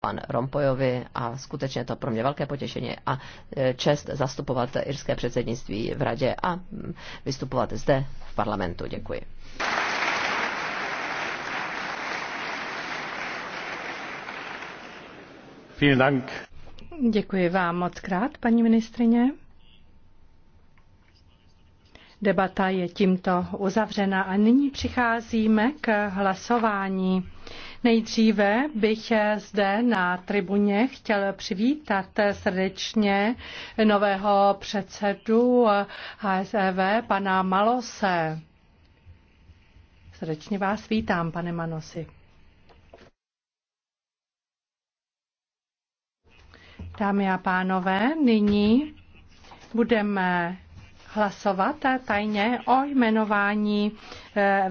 pan Rompojovi a skutečně to pro mě velké potěšení a e, čest zastupovat irské předsednictví v radě a vystupovat zde v parlamentu. Děkuji. Děkuji vám moc krát, paní ministrině. Debata je tímto uzavřena a nyní přicházíme k hlasování. Nejdříve bych zde na tribuně chtěl přivítat srdečně nového předsedu HSEV, pana Malose. Srdečně vás vítám, pane Manosi. Dámy a pánové, nyní budeme hlasovat tajně o jmenování Evropské eh,